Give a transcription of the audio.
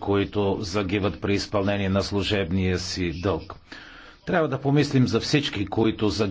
които загиват при изпълнение на служебния си дълг. Трябва да помислим за всички, които загиват